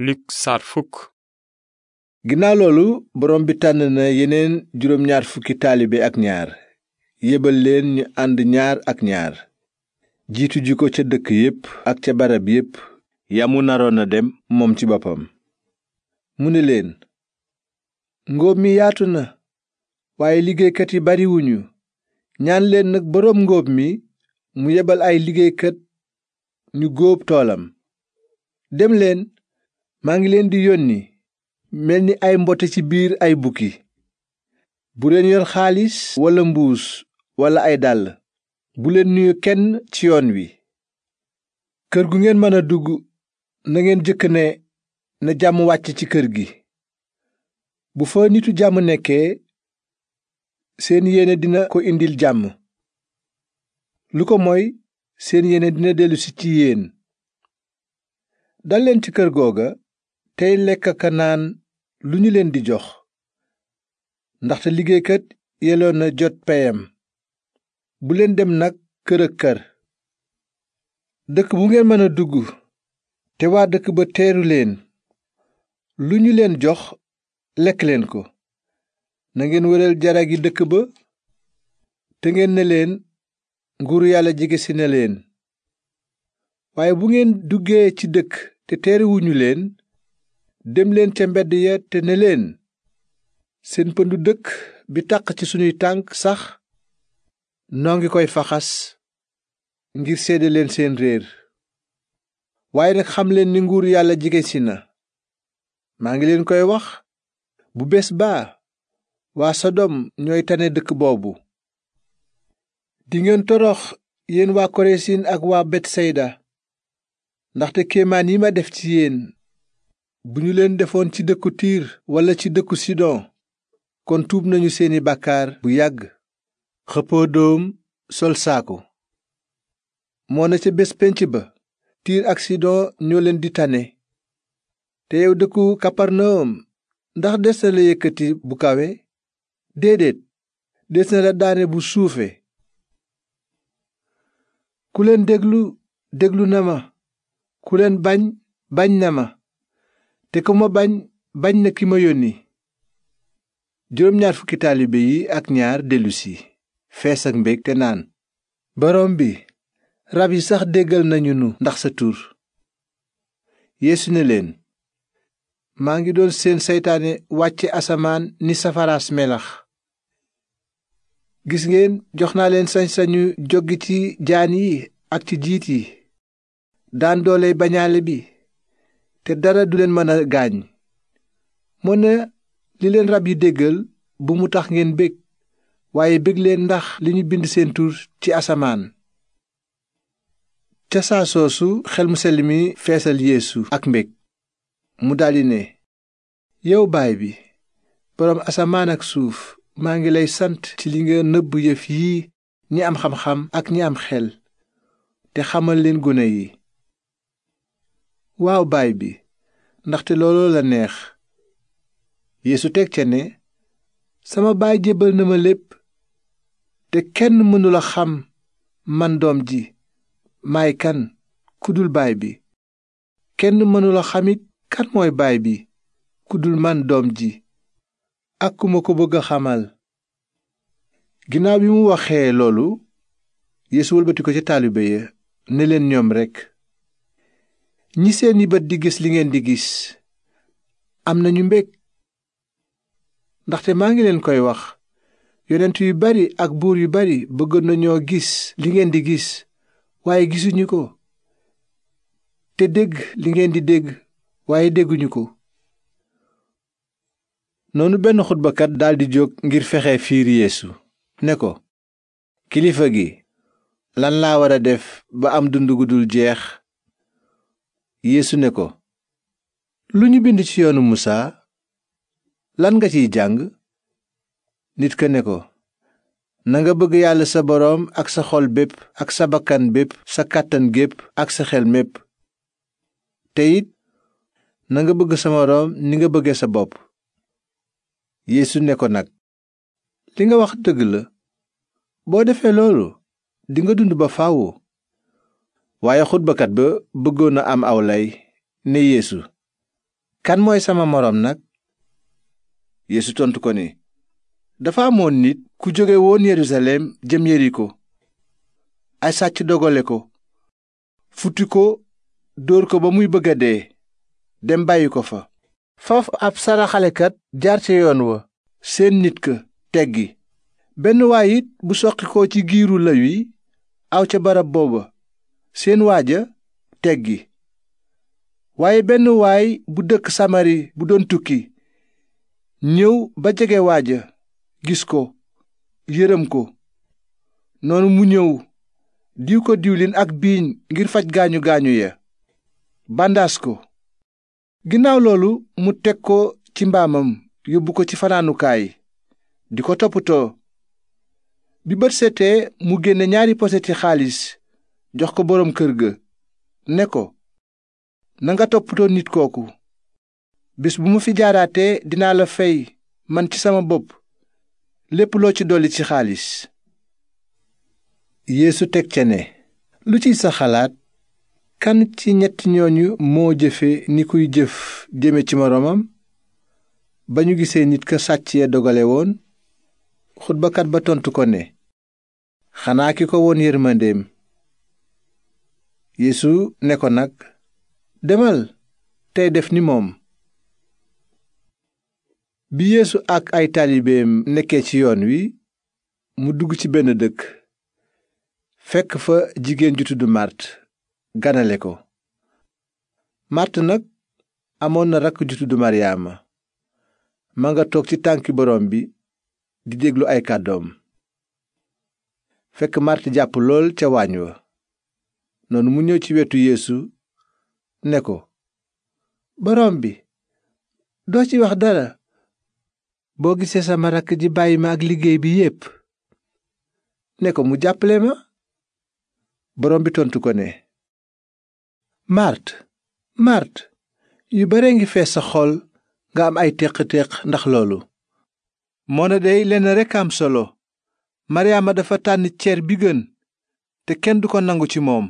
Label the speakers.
Speaker 1: Luk saar fukk. ginnaaw loolu borom bi tànn na yeneen juróom ñaar fukki taalibe ak ñaar yebal leen ñu ànd ñaar ak ñaar jiitu ji ko ca dëkk yépp ak ca barab yépp yamu naroon a dem moom ci boppam mu ni leen ngóob mi yaatu na waaye liggéeykat yi bariwuñu ñaan leen nag boroom ngóob mi mu yebal ay liggéeykat ñu góob toolam dem leen maa ngi leen di yónni mel ni ay mbote ci biir ay bukki bu leen yor xaalis walla mbuus walla ay dàll bu leen nuyu kenn ci yoon wi kër gu ngeen mën a dugg na ngeen jëkk ne na jàmm wàcc ci kër gi bu fa nitu jàmm nekkee seen yéene dina ko indil jàmm lu ko mooy seen yéene dina dellusi ci yéen dal leen ci kër googa tey lekk ka naan lu ñu leen di jox ndaxte liggéeykat yelloo na jot peyam bu leen dem nag kër ak kër dëkk bu ngeen mën a dugg te waa dëkk ba teeru leen lu ñu leen jox lekk leen ko nangeen ngeen jara gi dëkk ba te ngeen ne leen nguuru yàlla jege si ne leen waaye bu ngeen duggee ci dëkk te teeruwuñu leen dem leen ca mbedd ya te ne leen seen pëndu dëkk bi taq ci sunuy tànk sax noo ngi koy faxas ngir seede leen seen réer waaye nag xam leen ni nguur yàlla jege si na maa ngi leen koy wax bu bés baa waa sodom ñooy tane dëkk boobu dingeen torox yéen waa koresin ak waa betsayda ndaxte kéemaan yi ma def ci yéen bu ñu leen defoon ci dëkku tiir walla ci dëkku sidon kon tuub nañu seeni bàkkaar bu yàgg xëppoo doom sol saako moo na ca bés pénc ba tiir ak sidon ñoo leen di tane te yow dëkku kaparnawum ndax des na la yëkkati bu kawe déedéet des na la daane bu suufe ku leen déglu déglu na ma ku leen bañ bañ na ma te ku ma bañ bañ na ki ma yónni juróom ñaar fukki taalibe yi ak ñaar dellusi fees ak mbég te naan boroom bi rab yi sax déggal nañu nu ndax sa tur yeesu ne leen maa ngi doon seen seytaane wàcce asamaan ni safaraas melax gis ngeen jox naa leen sañ-sañu jog ci jaan yi ak ci jiit yi daan doole bañaale bi te dara du leen mën a gaañ moo ne li leen rab yi déggal bu mu tax ngeen bég waaye bég leen ndax li ñu bind seen tur ci asamaan ca saa soosu xel mu sell mi feesal yeesu ak mbég mu daldi ne yow baay bi boroom asamaan ak suuf maa ngi lay sant ci li nga nëbb yëf yii ñi am xam-xam ak ñi am xel te xamal leen gone yi waaw baay bi ndaxte looloo la neex yéesu teg ca ne sama baay jébbal na ma lépp te kenn mënula xam man doom ji may kan ku dul baay bi kenn mënula xamit kan mooy baay bi ku dul man doom ji ak ku ma ko bëgg a xamal ginnaaw bi mu waxee loolu yéesu wëlbati ko ca taalibe ya ne leen ñoom rekk ñi seeni bët di gis li ngeen di gis am nañu mbég ndaxte maa ngi leen koy wax yonent yu bari ak buur yu bari bëggoon nañoo gis li ngeen di gis waaye gisuñu ko te dégg li ngeen di dégg waaye dégguñu ko noonu benn xutbakat daldi jóg ngir fexe fiir yeesu ne ko kilifa gi lan laa war a def ba am dund gu dul jeex yéesu ne ko lu ñu bind ci yoonu musaa lan nga ciy jàng nit ka ne ko nanga bëgg yàlla sa boroom ak sa xol bépp ak sa bakkan bépp sa kàttan gépp ak sa xel mépp te it nanga bëgg sa moroom ni nga bëgge sa bopp yéesu ne ko nag li nga wax dëgg la boo defee loolu dinga dund ba faaw waaye xutbakat ba bëggoon na am aw lay ne yéesu kan mooy sama moroom nag yeesu tontu ko ne dafa amoon nit ku jóge woon yerusalem jëm yeriko ay sàcc dogale ko futti ko dóor ko ba muy bëgga dee dem bàyyi ko fa foofu ab saraxalekat jaar ca yoon wa seen nit ka teggi benn waay bu soqi ko ci giiru la wi aw ca barab booba seen waaja teggi waaye benn waay bu dëkk samari bu doon tukki ñëw ba jege waaja gis ko yërëm ko noonu mu ñëw diw ko diwlin ak biiñ ngir faj gaañu gaañu ya bandaas ko ginnaaw loolu mu teg ko ci mbaamam yóbbu ko ci fanaanukaay di ko toppatoo bi bët setee mu génne ñaari poseti xaalis jox ko boroom kër ga ne ko nanga toppatoo nit kooku bés bu ma fi jaaraatee dinaa la fay man ci sama bopp lépp loo ci dolli ci xaalis yéesu teg ca ne lu ciy sa xalaat kan ci ñett ñooñu moo jëfe ni kuy jëf jëme ci moroomam ba ñu gisee nit ka sàcc ya dogale woon xutbakat ba tontu ko ne xanaa ki ko woon yërmandeem yeesu ne ko nag demal tey def ni moom bi yéesu ak ay taalibeem nekkee ci yoon wi mu dugg ci benn dëkk fekk fa jigéen ju tudd màrt ganale ko màrt nag amoon na rakk ju tudd maryaama ma nga toog ci tànki borom bi di déglu ay kàddoom fekk màrt jàpp lool ca waañ wa noonu mu ñëw ci wetu yéesu ne ko borom bi doo ci wax dara boo gisee sama rakk ji bàyyi ma ak liggéey bi yépp ne ko mu jàppale ma borom bi tontu ko ne màrt màrt yu bare ngi fees sa xol nga am ay téq-téq ndax loolu moo moona dey lenn rekk am solo maryaama dafa tànn ceer bi gën te kenn du ko nangu ci moom